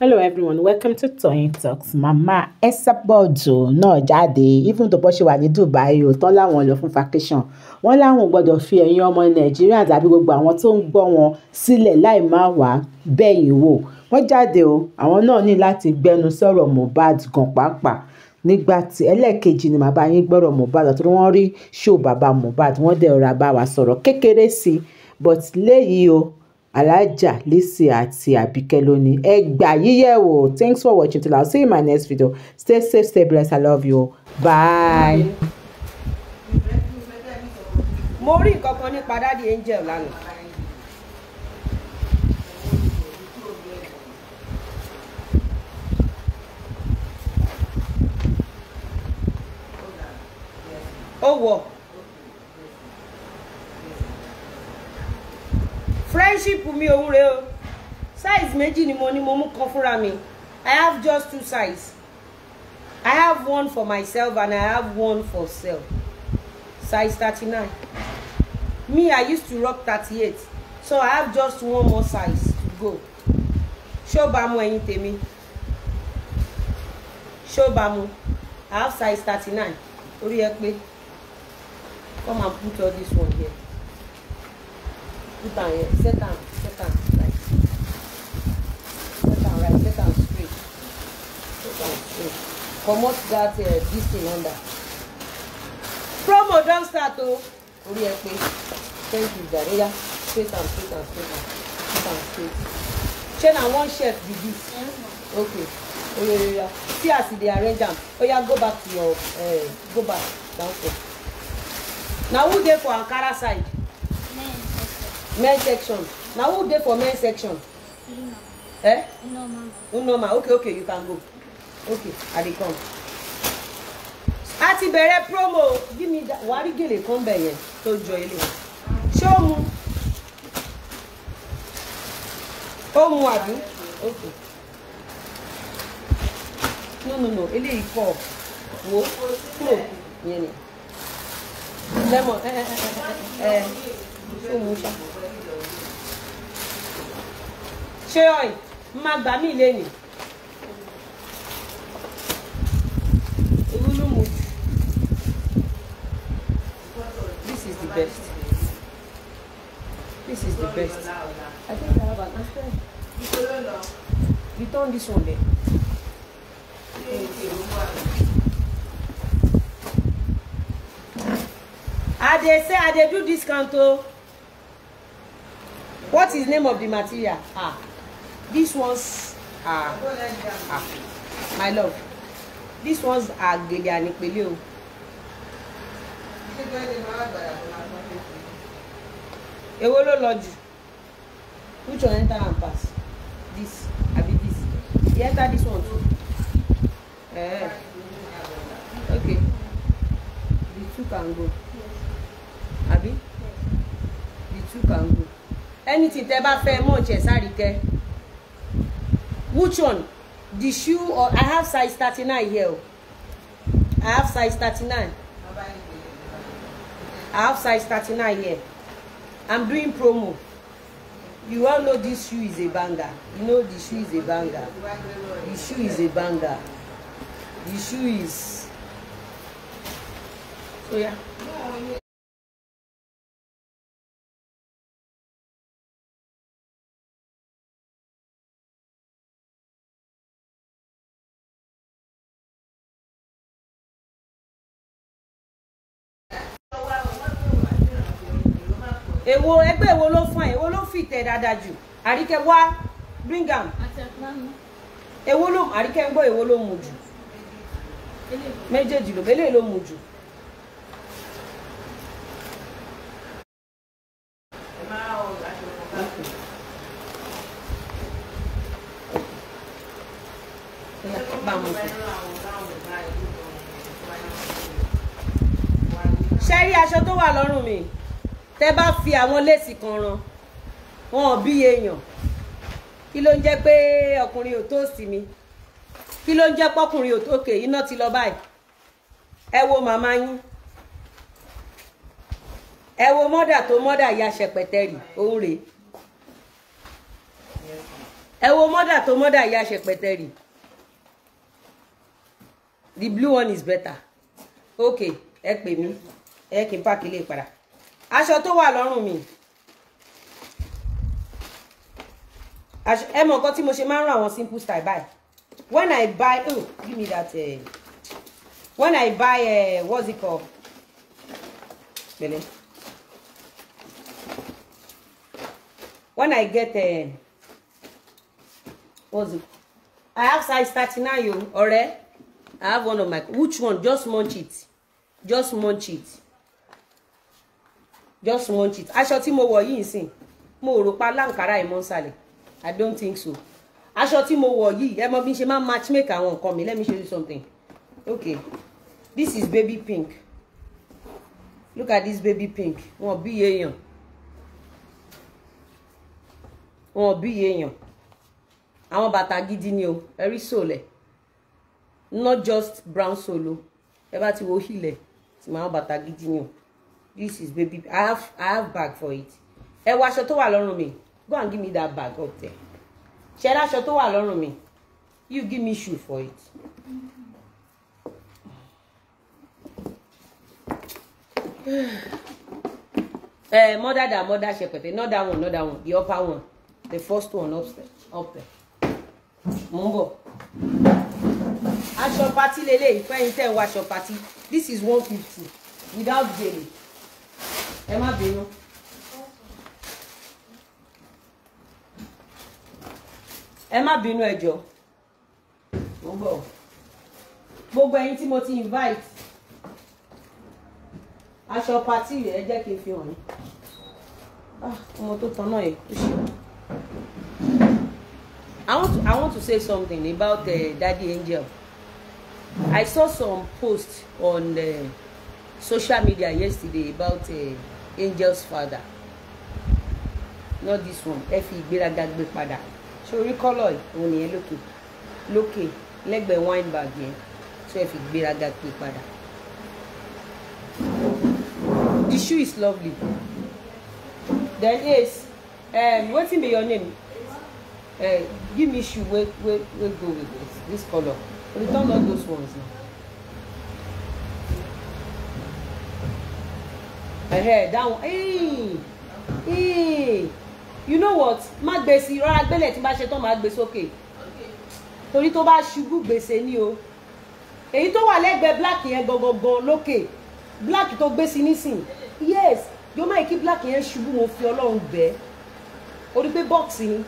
hello everyone welcome to Toyeen Talks mama Esabod náà jáde even tó bọ́ ṣe wà ní Dubai o tán láwọn lọ fún vacation wọ́n láwọn gbọ́dọ̀ fi ẹ̀yin ọmọ Nàìjíríà tàbí gbogbo àwọn tó ń gbọ́ wọn sílẹ̀ láì má wá bẹ́yìn wò wọ́n jáde o àwọn náà ní láti gbẹnu sọ̀rọ̀ Mohbad gan pàápàá nígbà tí ẹlẹ́ẹ̀kejì ni màbá yín gbọ́rọ̀ Mohbad àtúrò wọ́n rí ṣó bàbá Mohbad wọ́n dẹ̀ rà bá wa sọ̀rọ̀ kékeré sí i but léyìí o alhaja lisi àti abike lónìí ẹ gbà yíyẹ wò thanks for watching till i see you in my next video stay safe stay blessed i love you bye. mo rí nǹkan kan nípa dáàdi angel lánàá. ó wọ̀. friendship mi òun rèé o size méjì ni mo ní mo mú kan fúnra mi i have just two size i have one for myself and i have one for sale size thirty me i used to rock 38, so i have just one more size to go Show bá mu temi. Show ṣó i have size 39. nine orí ẹ come and put all this one here put am here set down, set down, like set down, right set down, straight set down, straight Promote that uh, this thing under promo don start o oh. orí ẹ pé thank you jareya straight down, straight down, straight am straight am straight ṣé na one chef be this mm-hmm. okay Oh yeah, yeah, yeah. see as e dey arrange Oh yeah, go back to your uh, go back down for Now who dey for ankara side men section Now who dey for men section eh unoma okay okay you can go okay i dey come Ati bere promo give me that Wari gele gèlè kan bẹ̀ yẹn tó jọ ilé mu ó mu àbí okay no no no eléyìí pọ̀ wo kúrò yẹn ni lemon eh, ẹ ẹ ẹ ẹ ó mu ṣé ọ̀yìn má gbà mí lẹ́nu olúlùmù this is the best this is the best I think I have an answer turn this one there. I dey say I dey do discount o. What is name of the material? Ah these ones are are ah, my love these ones are gèlè ànípele o. èwo ló lọ which one enter and pass this abi this you enter this one too eh okay the two can go abi the two can go anything tẹ bá fẹ́ mọ̀ jẹ sáré kẹ which one the shoe or i have size thirty-nine here oh. i have size thirty-nine i have size thirty-nine here i'm doing promo you all know this shoe is a banger you know the shoe is a banger the shoe is a banger the shoe is so yeah. Ewo ẹgbẹ́ ewo ló fún ẹ èwo ló fi tẹ̀ dáadáa jù àríkẹ́ wá bring am Ewo ló àríkẹ́ ń gbọ́ èwo ló mu jù méjèèjì ló eléyìí ló mu jù. ṣe aṣọ tó wà lọ́rùn mi tẹ́ bá fi àwọn léèsì kan ran wọn ò bí èèyàn kí ló ń jẹ́ pé ọkùnrin ò tó sí mi kí ló ń jẹ́ pọ́kùnrin ò tó kè iná ti lọ báyìí ẹ wo màmá yín ẹ wo mọ́dà tó mọ́dà ìyá ṣẹpẹtẹrì òun rèé ẹ wo mọ́dà tó mọ́dà ìyá ṣẹpẹtẹrì the blue one is better okay ẹ pè mí ẹ kí n pàkílẹ̀ padà aṣọ tó wà lọ́rùn mi ẹ mọ nǹkan tí mo ṣe máa ń rán àwọn simple style Buy. when i buy oh give me that uh, when i buy uh, what's it called when i get uh, what's it i have size thirty nine o oh, ọ̀rẹ́ i have one of my which one just munch it just munch it just want it aṣọ tí mo wọ̀ yìí sìn mo rò pa láǹkárá ìmọ̀nsálẹ̀ i don't think so aṣọ tí mo wọ̀ yìí ẹ mọ bí n ṣe máa match make àwọn nǹkan mi let me show you something okay this is baby pink look at this baby pink wọn bí èèyàn wọn bí èèyàn àwọn bàtà gidi ni o ẹrí sòlẹ̀ not just brown solo ẹ bá ti wo hilẹ̀ tí màá bàtà gidi ni o this is baby i have i have bag for it ẹ wo aṣọ tó wà lọ́rùn mi go and give me that bag up there ṣe rí aṣọ tó wà lọ́rùn mi you give me shoe for it. uh, mother da mother shepete not that one not that one the upper one the first one upstairs up there mo ń bọ̀ aṣọ patí lélẹ́yìí fẹ́yìntẹ́ wọ aṣọ party, this is one fifty without gèlè ẹ má bínú. ẹ má bínú ẹ jọ mo bọ gbogbo invite aṣọ pàtì rẹ ẹ jẹ́ kí n fi hàn yín ah, ọmọ tó tan I want to, I want to say something about uh, Daddy Angel. I saw some posts on uh, social media yesterday about uh, angel's father not this one ẹ fi ìgbéraga gbé padà sórí kọ́lọ̀ òun nìyẹn lókè lókè lẹ́gbẹ̀ẹ́ wine bag yẹn tó ẹ fi ìgbéraga gbé padà the shoe is lovely then yes. um, wetin be your name uh, give me shoe wey wey wey go with this this colour return all those ones now. down, ẹ̀hẹ́ dáhùn you know what má gbèsè rárá gbélé tí n bá ṣe tán má gbé sókè torí tó bá ṣubú gbèsè ni o èyí tó wà lẹ́gbẹ̀ẹ́ black yẹn gangan lókè black to gbé sí yes yóò má keep black yẹn ṣubú mo fi ọlọ́run bẹ́ẹ̀ o rí pé bọ́ọ̀sì ni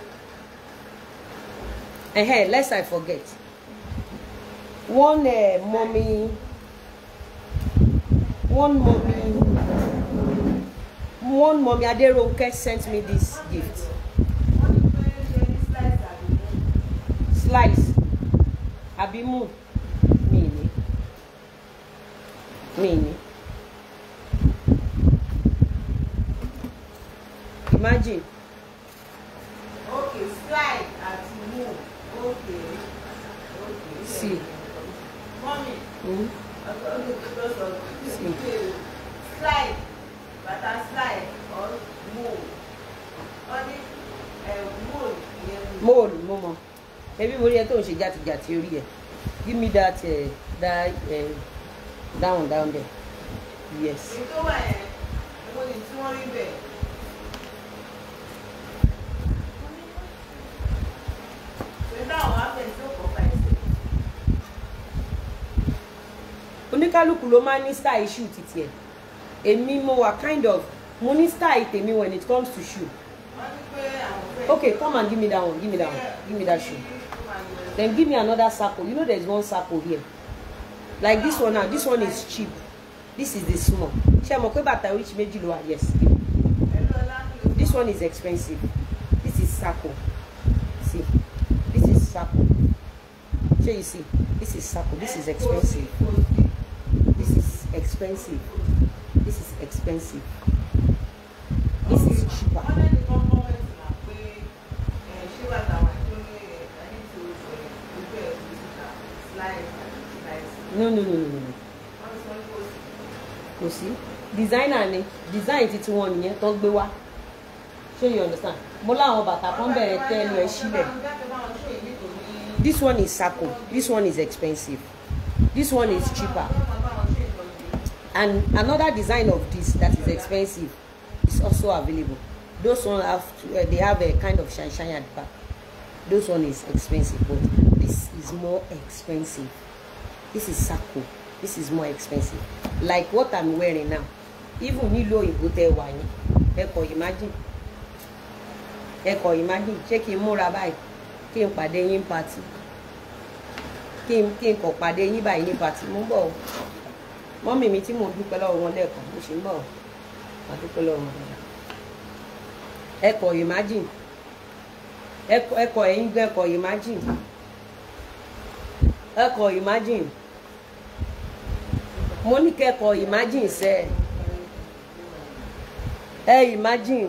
ẹ̀hẹ́ lest I forget one eh, mommy one mommy one mommy Aderonke sent me this gift. Slice àbí mú mini. ni Imagine jàtìjàtì orí ẹ̀ give me that uh, that uh, eh, down down there yes. èyí tó wà yẹn owó ni tí wọ́n rí bẹ́ẹ̀. oníkálukú ló máa ń ní style issue títí ẹ èmi mo wà kind of mo ní style tèmi when it comes to shoe okay come and give me that one give me that one give me that shoe then give me another circle you know there is one circle here like this one now this one is cheap this is the small ṣé mo pé bàtà oríṣi méjì yes this one is expensive this is circle see this is circle ṣé you see this is circle this is expensive this is expensive this is expensive this is cheaper. no no no no no kò sí designer ni design ti tiwọn nìyẹn tó ń gbé wá ṣé you understand mo láwọn bàtà kan bẹ̀rẹ̀ tẹ́ ẹnu ẹ̀ sílẹ̀ this one is circle. this one is expensive this one is cheaper and another design of this that is expensive is also available those one have to, uh, they have a kind of shine shine at back those one is expensive but this is more expensive this is sako this is more expensive like what i'm wearing now even nílò òyìnbó tẹ wà yín ẹ kò imagine ẹ imagine ṣé kí n múra báyìí kí n pàdé yín pàtì kí n kí n kò pàdé yín báyìí ní pàtì mo ń bọ̀ o mọ́mì mi tí mò ń dúpẹ́ lọ́wọ́ wọn lẹ́ẹ̀kan mo ṣe ń bọ̀ o mà dúpẹ́ lọ́wọ́ wọn lẹ́ẹ̀kan ẹ imagine ẹ kò ẹ̀yin gan imagine ẹ imagine mo ní kẹ́kọ̀ọ́ imagine sẹ́ ẹ imagine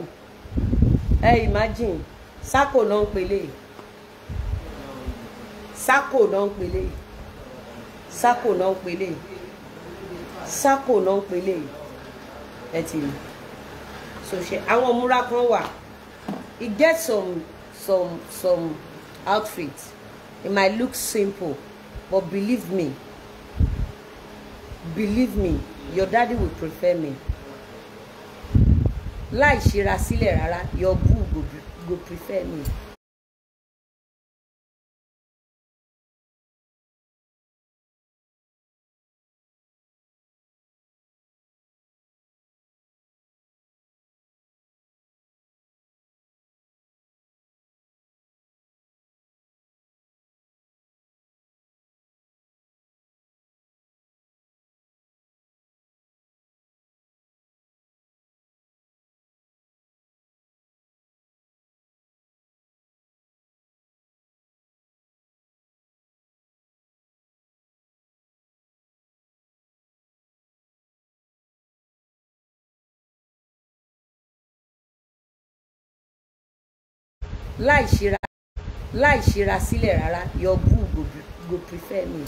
ẹ imagine sákò náà ń pele sákò náà ń pele sákò náà ń pele sákò náà ń pele ẹ ti rí so ṣe àwọn ìmúra kan wà e get some some some outfit it might look simple but believe me believe me your daddy will prefer me láì ṣera sílẹ̀ rárá your boo go, go prefer me. láì ṣera láì ṣera sílẹ̀ rárá your boo go, go prefer me.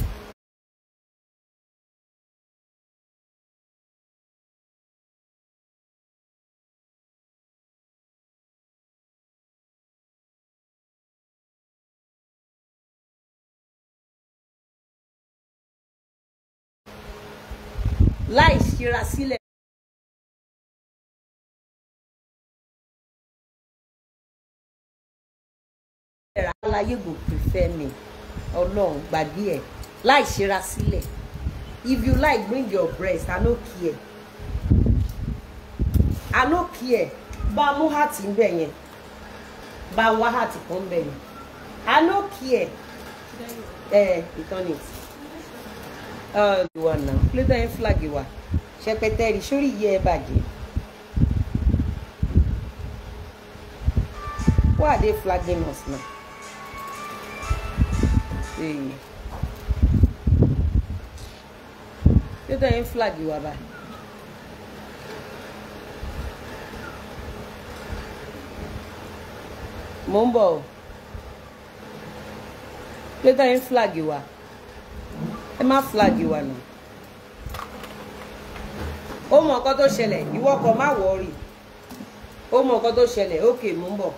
láì ṣera sílẹ̀. láyé go prefer me ọlọ́run gbàgbé ẹ̀ láì ṣera sílẹ̀ if you like bring your breast i no care i no care bá mú heart ń bẹ̀ yẹn bá wá heart kan ń bẹ̀ yẹn i no care ẹ ìtọ́ni ìwà náà kí ló dá yẹn flag wa ṣẹpẹtẹ rí sórí iye ẹ bàjẹ́. Why are they flagging us now? èyí ṣé tẹ́yìn flag wà báyìí. mo ń bọ̀ o ṣé tẹ́yìn flag wà ẹ má flag wà nù. ó mọ nǹkan tó ṣẹlẹ̀ ìwọ kò má wọ̀ọ́rì ó mọ nǹkan tó ṣẹlẹ̀ ókè mo ń bọ̀.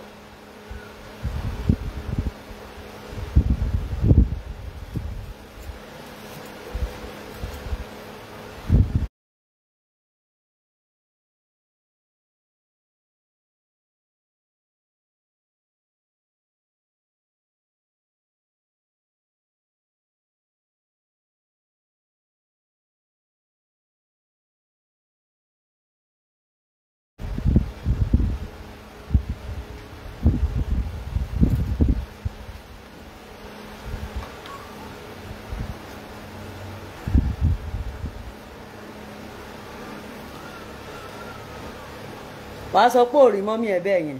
wàá sọ pé ò rí mọ́mí ẹ̀ bẹ́ẹ̀ yẹn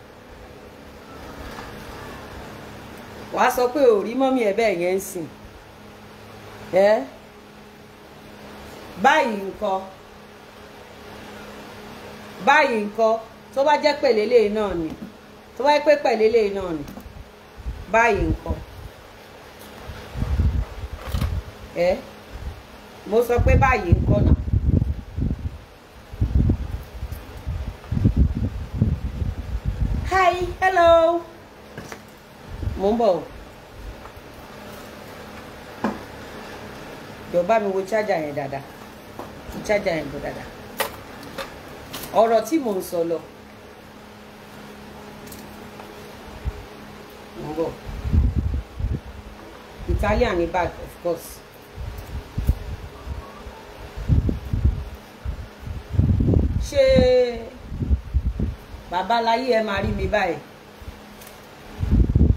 wàá sọ pé ò rí mọ́mí ẹ̀ bẹ́ẹ̀ yẹn ń sìn ẹ́ báyìí nǹkan báyìí nǹkan tó bá jẹ́ pẹ̀lélé e náà ni tó bá jẹ́ pé pẹ̀lélé e náà ni báyìí nǹkan ẹ́ mo sọ pé báyìí nǹkan náà. mò ń bọ̀ o jọ bá mi wo chájà yẹn dáadáa kí chájà yẹn bọ̀ dáadáa ọ̀rọ̀ tí mò ń sọ lọ mò ń bọ̀ Italian ní bag of course. ṣé babaláyé ẹ máa rí mi báyìí.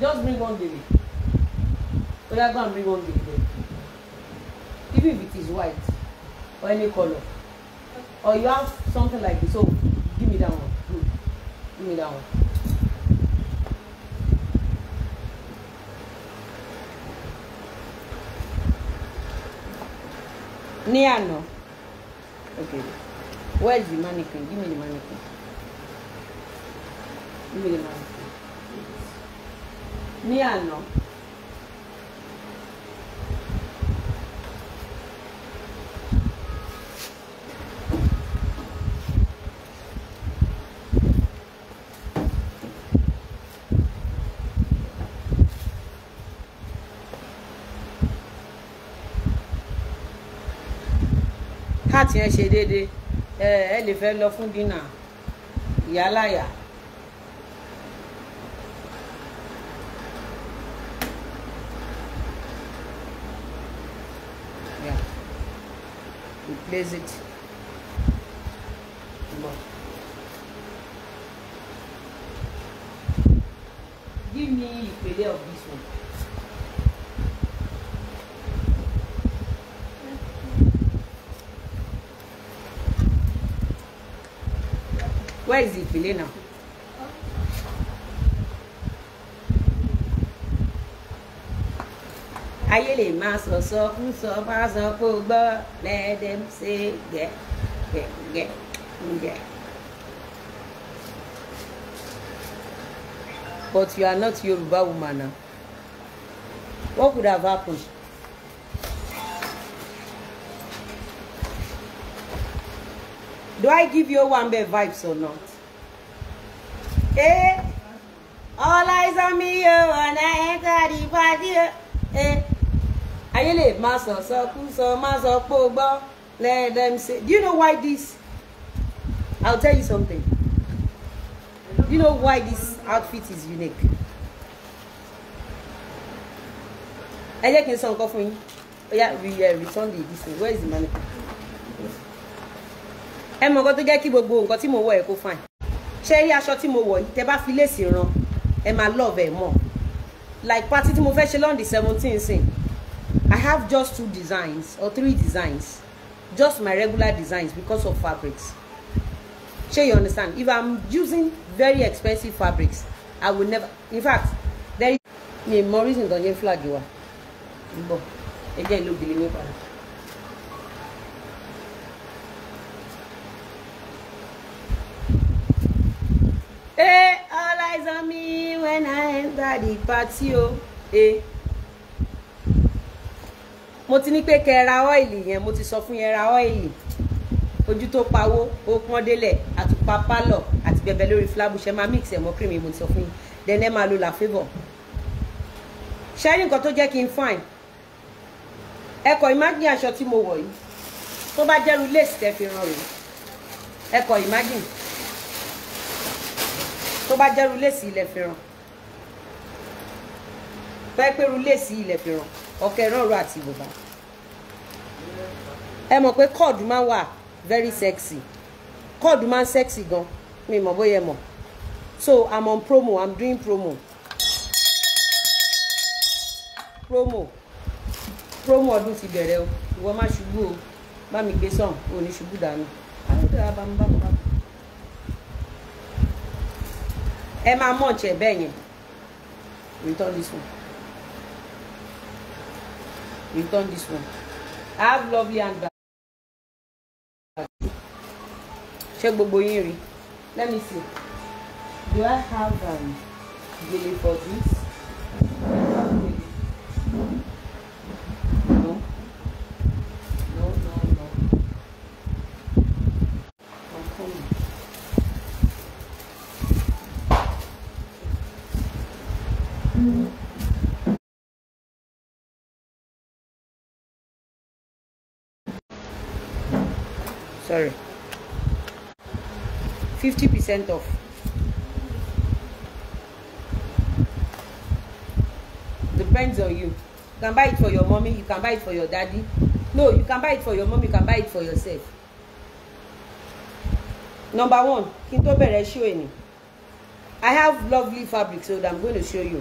just bring one baby oya go and bring one baby then even if it is white or any color, or you have something like this so give me that one good give me that one. ní àná okay where is the mannequin give me the mannequin give me the mannequin ní àná. káàtì yẹn ṣe déédéé ẹ ẹ lè fẹ́ lọ fún dínà ìyálàyà. it? give me the ìpele of this one. where is the ìpele now. káyé lè máa sọ̀sọ́ fún sọ fásán kó gbọ́ lẹ́ẹ̀dẹ́ ṣe gẹ̀ gẹ̀ gẹ̀ gẹ̀. But you are not Yoruba woman now. What could have happened? Do I give you one bad vibes or not? Eh? All eyes on me, oh, and I enter the party, oh, eh? ayé maso, máa sọ maso kú sọ let them say do you know why this I'll tell you something do you know why this outfit is unique ẹ jẹ́ kí n sọ nǹkan fún oya we uh, return the this one. where is the money ẹ mọ nǹkan tó jẹ́ kí gbogbo nǹkan tí mo wọ̀ ẹ̀ kó fine ṣé rí aṣọ tí mo wọ̀ yìí tẹ bá fi léèsì ran ẹ máa love ẹ mọ̀ like party tí mo fẹ́ ṣe the seventeen sìn have just two designs or three designs just my regular designs because of fabrics shey you understand if i'm using very expensive fabrics i will never in fact there is a more reason than your flag you are but again look me, way Hey, all eyes on me when I enter the party, oh. Hey. Eh mo ti ní pé kẹ ra ọ́ìlì yẹn mo ti sọ fún yẹn ra ọ́ìlì ojú tó pawó ó pọ́n délẹ̀ àtùpà pálọ̀ àti bẹ̀bẹ̀ lórí flabuṣẹ́ máa mix ẹ̀ mọ́ cream yìí mo ti sọ fún yín then máa lo la favour ṣẹ́rí nǹkan tó jẹ́ kí n fine ẹkọ̀ imagine aṣọ tí mo wọ̀ yìí tó bá jẹ́rú lace tẹ́ fi ràn rèé ẹkọ̀ imagine tó bá jẹ́rú lace ilẹ̀ fi ràn pẹ́ẹ́pẹ́rú lace ilẹ̀ fi ràn ọ̀kẹ́ náà rọ àti bùbá ẹ mọ̀ pé kọ́ọ̀dù máa wà very sexy kọ́ọ̀dù máa ń sexy gan mi mọ̀ bóyá ẹ mọ̀ so i'm on promo i'm doing promo promo promo ọdún ti bẹ̀rẹ̀ o ìwọ má ṣubú o bá mi gbé sàn o ní ṣubú dànù àwọn ọdún ara bá mi bá mi ẹ máa mọ̀ ọ̀jẹ̀ bẹ́ẹ̀ yẹn return this one. We've done this one. I have lovely handbag. Check gbogbo Let me see. Do I have um, gele for this? sorry 50% off depends on you you can buy it for your mommy you can buy it for your daddy no you can buy it for your mom you can buy it for yourself number one kí n show ẹ̀ I have lovely fabric, so that I'm going to show you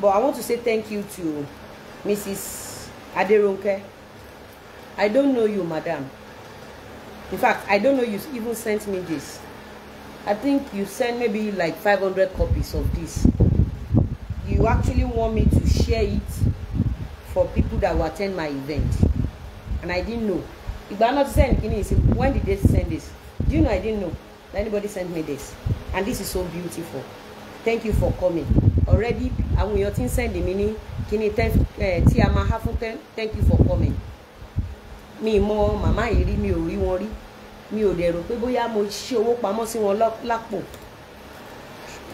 but I want to say thank you to Mrs. Aderonke I don't know you madam in fact i don't know you even sent me this i think you sent maybe like 500 copies of this you actually want me to share it for people that will attend my event and i didn't know If I'm not saying, kini when did they send this do you know i didn't know that anybody sent me this and this is so beautiful thank you for coming already I will ti ń send the mini. kini tí thank you for coming mi mọ màmá yìí rí mi ò rí wọn rí mi ò dẹ̀ rò pé bóyá mo ṣe owó pamọ́ sí wọn lápò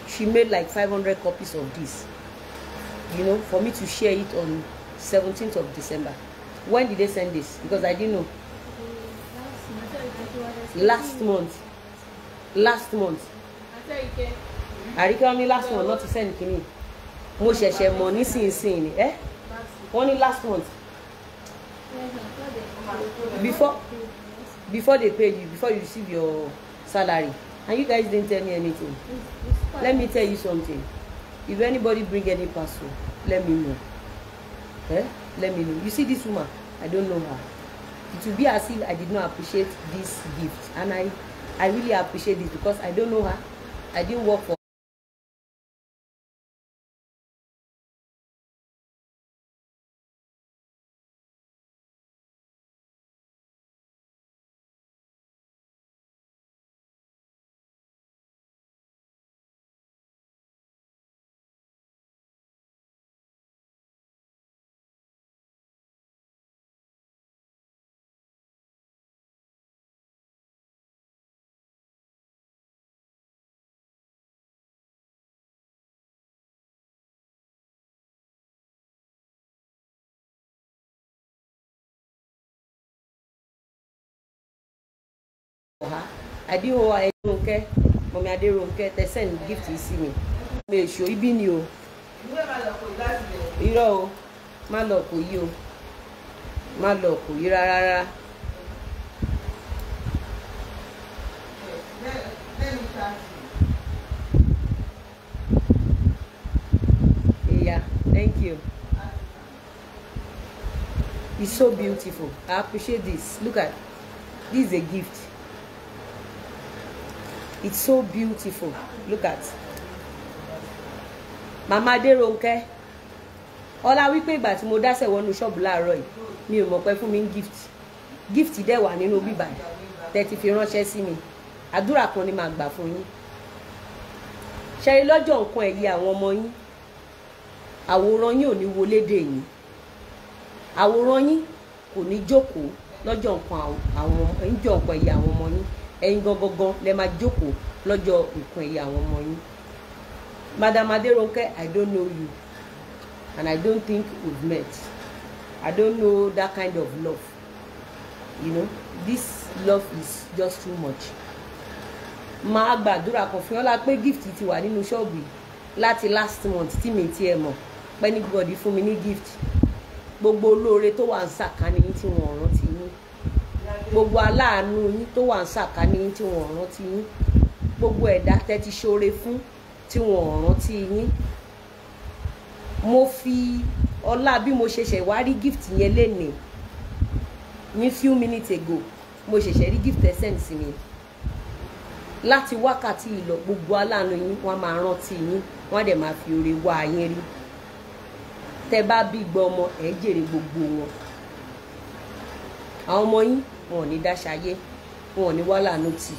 she made like five hundred copies of this you know for me to share it on seventeenth of December when did they send this because I didn't know last month last month àríkẹ́ wọn ní last month not to send kínní mo ṣẹ̀ṣẹ̀ mọ̀ nísinsìnyí ni ẹ́ wọ́n ní last month before before they pay you before you receive your salary and you guys didn't tell me anything let me tell you something if anybody bring any parcel let me know eh let me know you see this woman i don't know her it will be as if i did not appreciate this gift and i i really appreciate this because i don't know her i didn't work for ọ̀há àdìhò ẹ̀dínkẹ́ mọ̀mí adérónkẹ́ tẹ̀sán gift yìí mi mi èso ibi ni o irọ́ o má lọ kò yí o má lọ kò yí rárá Yeah, thank you. It's so beautiful. I appreciate this. Look at this is a gift it's so beautiful look at Mama. màmá Adérónkẹ́ ọlá wípé ìgbà tí mo dáṣẹ̀ wọnú ṣọ́ọ̀bù láàárọ̀ yìí mi ò mọ̀ pé fún mi ń gift gift dẹ̀ wà nínú bíbà tẹ́ ti fi ránṣẹ́ sí mi àdúrà kan ni màá gbà fún yín ṣẹ́rí lọ́jọ́ nǹkan ẹ̀yẹ àwọn ọmọ yín àwòrán yín ò ní wọlé dè yín àwòrán yín kò ní jókòó lọ́jọ́ nǹkan àwọn ọmọ yín jọ nǹkan ẹ̀yẹ àwọn ọmọ yín ẹ̀yin gangan lẹ máa jókòó lọ́jọ́ nǹkan ẹ̀yà àwọn ọmọ yín madam Adérónkẹ́ i don't know you and i don't think we've met i don't know that kind of love you know this love is just too much máa gbàdúrà kan fún ọlá pé gift ti wà nínú ṣọ́ọ̀bù yìí láti last month tí mi tiẹ̀ mọ̀ pé anybody fún mi ní gift gbogbo olóore tó wà ń sàkání tí wọ́n rán gbogbo aláàánú yín tó wà ń sàkání yín tí wọ́n rántí yín gbogbo ẹ̀dá tẹ́ ti ṣoore fún tí wọ́n rántí yín mo fi ọlá bí mo ṣẹ̀ṣẹ̀ wá rí gift yẹn lénìí ní few minutes ago mo ṣẹ̀ṣẹ̀ rí gift ẹsẹ̀n sí mi láti wákàtí ìlọ gbogbo aláàánú yín wọ́n máa rántí yín wọ́n dẹ̀ máa fi oore wá yín rí tẹ́ bá bí gbọ́ ọmọ jèrè gbogbo wọn àwọn ọmọ yín wọn ò ní dáṣayé wọn ò ní wá láàánú tì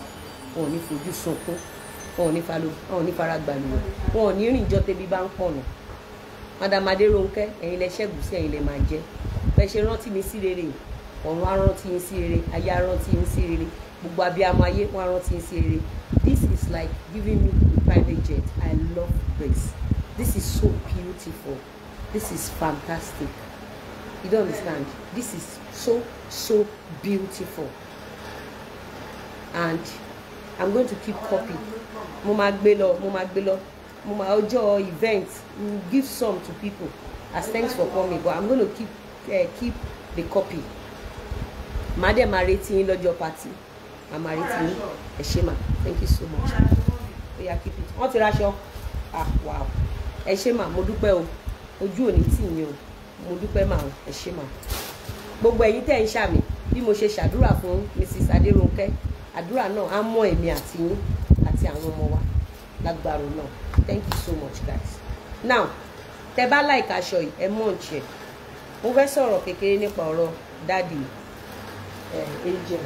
wọn ò ní fojú sunkún wọn ò ní fara gbàlùwẹ̀ wọn ò ní rìn jọ tẹ́bí bá ń pọ̀nà madam adérónkẹ́ ẹ̀yin lẹ ṣẹ́gun sí ẹ̀yin lẹ máa jẹ́ bẹ́ẹ̀ ṣe rántí mi sí rere ọ̀run arántí yín sí rere ayé arántí yín sí rere gbogbo abiyamọ ayé wọn arántí yín sí rere this is like giving me a private jet i love grace this is so beautiful this is fantastic you don't understand this is so, so beautiful. And I'm going to keep copy. Mo máa gbé lọ, mo máa gbé lọ, mo máa ọjọ́ event, give some to people as thanks for coming. But I'm going to keep uh, keep the copy. Màá dẹ̀ máa retí yín lọ́jọ́ party. Màá máa retí yín. Ẹ ṣé mà, thank you so much. Ó yá keep it. Wọ́n ti raṣọ. Ah wow. Ẹ ṣé mà, mo dúpẹ́ o. Ojú ò ní tì o. Mo dúpẹ́ mà o. Ẹ ṣé mà gbogbo ẹ̀yin tẹ́ ń ṣàmì bí mo ṣe ṣàdúrà fún mrs adérónkẹ́ àdúrà náà á mọ èmi àti yín àti àwọn ọmọ wa lágbàrò náà thank you so much guys now tẹ́ bá like aṣọ yìí ẹ mọ̀ ǹjẹ́ mo fẹ́ sọ̀rọ̀ kékeré nípa ọ̀rọ̀ dáàdì eh, angel.